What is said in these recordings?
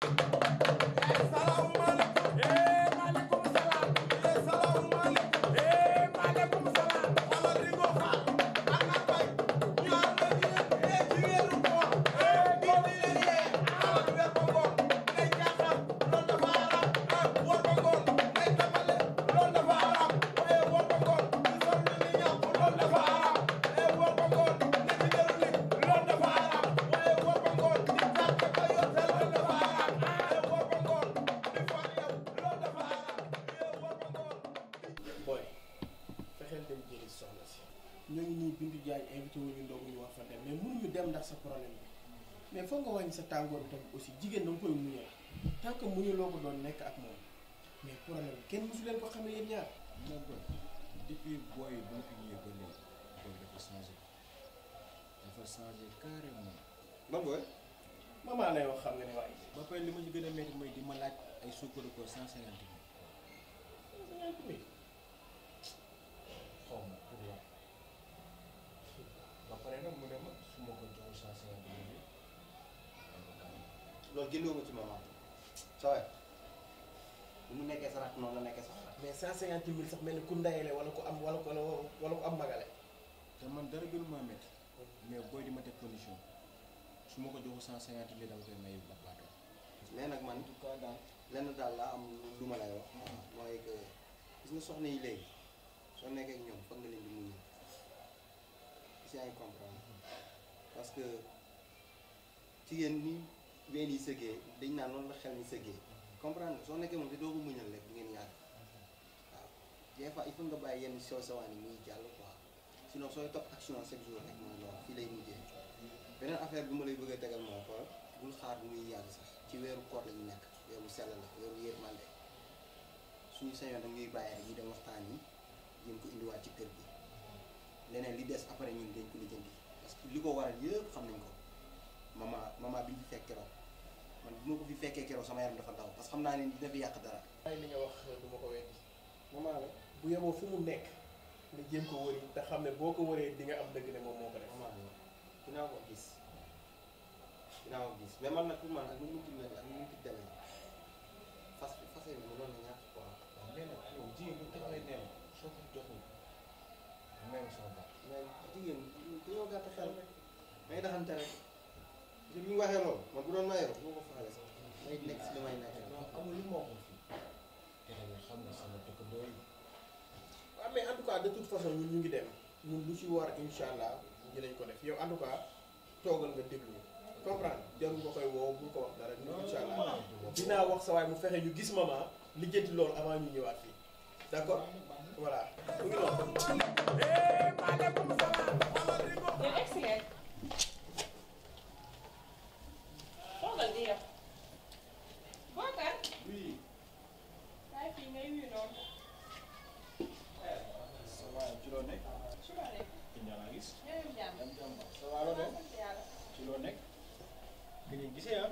Thank you ñoo ngi nii Bintu Diagne invité wu ñu ndogu ñu war fa dem mais ñu dem ndax sa problème mais foo nga wàññi sa tàngoor bi tamit aussi jigéen da nga koy muñal tant que muñaloo ko doon nekk ak moom mais problème kenn mosu leen ko xamee yéen ñaar. moom ba depuis booy yi ba mu fi ñëwee ba changé dafa changé carrément. wax xam nga ba pare li ma ñu gën a métti mooy di ma laaj ay sukkandu ko cent cinquante mille. cent cinquante mille Karena muda mah semua kunjung usaha Lo gini nggak cuma mah. Coy. Ini nekes sarak nol nekes sarak. Mais cent yang timbul sax mel kunda ya le, walau am walau ko wala ko am magale. Te man dara gënu ma met. boy di ma kondisi, semua Su ma ko jox 150 mille dama koy mayu ba bato. Mais nak man en am lu ma lay wax. Mooy que gis nga soxna yi léegi soo si ay comprendre parce que jigéen ni ween yi sëggee dañ naan loolu la xel ni sëggee comprendre soo nekkee moom te doo ngeen yàgg waaw des fois il faut nga yenn sew sewaan yi jàll quoi sinon sooy topp action chaque jour rek mooy loolu fii lay mujjee beneen affaire bi ma lay bëgg a tegal moom xool bul xaar muy yàgg sax ci weeru koor lañu nekk weeru sell la weeru yërmande suñu sañoon dañuy bàyyi rek ñu waxtaan yi leneen li des après ñu dañ ko lijjanti parce que li ko waral yëpp xam nañ ko mama mama bi ñu fi fekk man bu ma ko fi fekkee keroog sama yaram dafa daw parce que naa ne dina fi yàq dara. li nga wax du ma ko weddi mama la bu yemoo fu mu nekk nga jéem ko wëri te xam ne boo ko wëree di nga am dëgg ne moom moo ko def. mama dinaa ko gis dinaa man nag pour man ak nu mu tudd ak nu mu tudd demee mu doon ñaar nag yow jigéen bu taxawee ne ko joxul. jigéen dañoo gàtt xel rek may daxante rek ci mu waxee loolu man bu doon mayoo boo ko faale sax may nekk si li may nekk amul lu moom te xam nga sama dëkk doy en tout cas de toute façon ñu ngi dem ñun lu ci war insha allah dinañ ko def yow en tout cas toogal nga déglu comprendre jarul nga koy woo bu ko wax dara ñu insha allah dinaa wax sa mu fexe ñu gis ma ma lijjanti lool avant ñu ñëwaat fii d'accord voilà maa gis. jàmm ça va ci loo nekk. nga ñu gisee ah.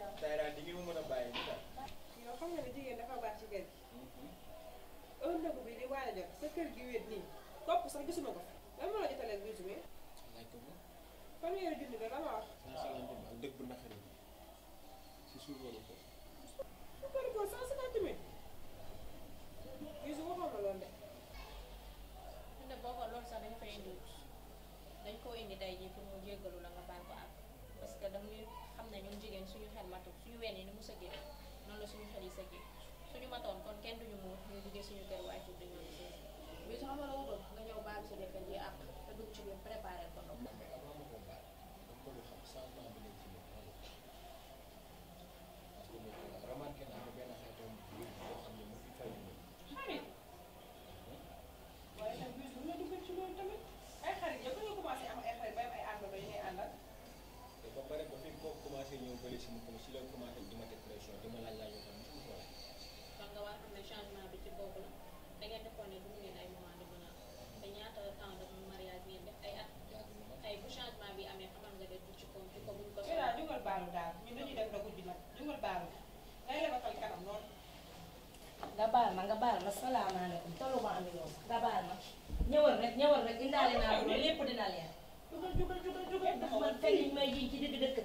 waaw tey di ngeen ma mën a bàyyi li tax. Ah, yow nga ne jigéen dafa baax ci kër gi. heure mm-hmm. ndogu bi di waaj a jot sa gi wéet nii topp sax gisuma ko lan moo la jotale ak bisu bi. nekk bu. fanweeri junni bi la ma si suuf loolu ko. indi tey jii pour mu jéggalu la nga baal ko ak parce que daf ñuy xam ne ñun jigéen suñu xel matul suñu ween yi ni mu sëggee noonu suñu xel yi sëggee suñu matoon kon kenn duñu muur ñu liggéey suñu kër waaye pour dañoo liggéey mais soo xamaloo nga ñëw baal si defee ji ak te duñ ci biir préparé ko commencé ñëw bëri si mu ko si la commencé di ma def pression di ma laaj laaj yoo xam ne mu ko laaj. ay at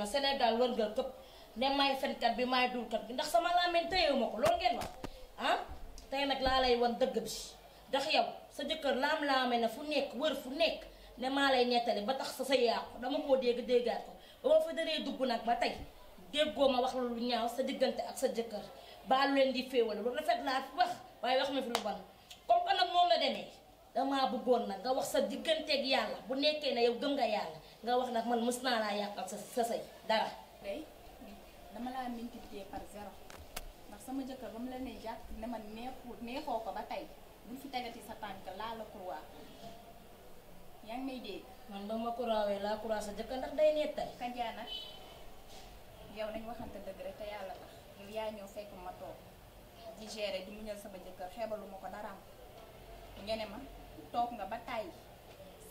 àdduna Sénégal wërgal këpp ne may fenkat bi may dulkat bi ndax sama làmmiñ téyewu ma ko loolu ngeen wax ah tey nag laa lay wan dëgg bi ndax yow sa jëkkër laam-laame na fu nekk wër fu nekk ne maa lay nettali ba tax sa sa yàqu dama koo dégg déggaat ko ba ma fa dëree dugg nag ba tey déggoo ma wax la lu ñaaw sa diggante ak sa jëkkër baalu leen di féewale lu rafet laa fi wax waaye wax ma fi lu ban comme nag moom la demee dama bëggoon nak nga wax sa ak Yalla bu nekké ne yow gëm nga Yalla nga wax nak man mës la laa sa sa dara. day dama la multiplier par zéro ndax sama jëkkër bam la ne jàpp né man neexu neexo ko ba tay bu fi tégati sa tank la la croix yang may dé man ba ko rawé la croix sa jëkkër ndax day kan ja nak yow nañ waxante dëgg rek te Yalla tax yow ya ñëw fekk ma toog di géré di muñal sama jëkkër xeebalu ma ko daraam ñu ma tok nga ba tay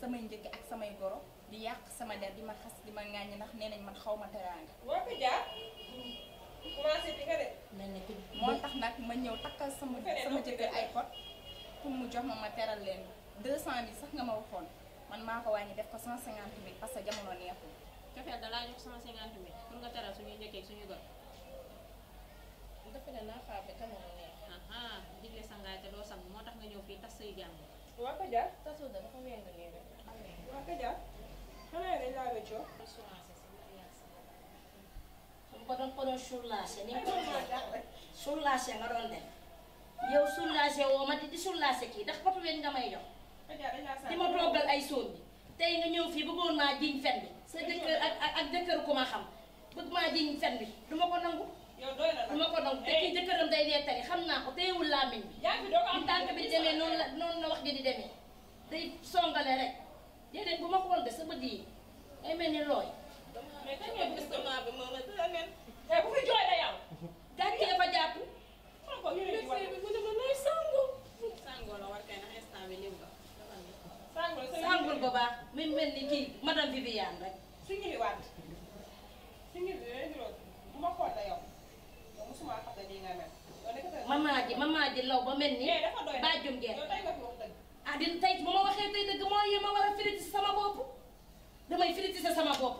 sama njëkk ak sama goro di yak sama dal di ma xas di ma ŋàññi nak nenañ man xawma ma teraanga. woo ko jaar commencé di nga de. mel na tax nag ma ñew takal sama sama jëkkër ay pot pour mu jox ma ma teral len 200000 sax nga ma waxon man mako wañi def ko 150000 parce que jamono neexu ko cofeel da la jox 150000 mille pour nga teral suñuy njëkkee suñu gor. dafa ne naa faa ba jamono neex. digle sangay te do sang moo tax nga ñew fi tax sey jàmbur waka ja ta so dan aku yanga ne waka ja kana yana la ga cho kodon kodon surlase ni ko surlase ngaron den yow surlase wo ma di surlase ki ndax potu wen nga may jox di ma toggal ay soom bi tey aku ñëw fii bëggoon maa jiñ fen bi sa jëkkër ak ak ak jëkkër ku ma aku bëgg maa demee noonu la noonu la wax ji di demee day songale rek bu ma xool de sa bët looy. mais kañ nga gis semence bi moom la bu ma nooy sangu. sangoo sa sangul bu baax mi ni kii madame Viviane rek. Eh, su maman ji maman ji law ba mel ni. Eh, bàjjum gerte ah di tey bu ma waxee tey dëgg mooy ma war a sa sama bopp damay félicité sama bopp.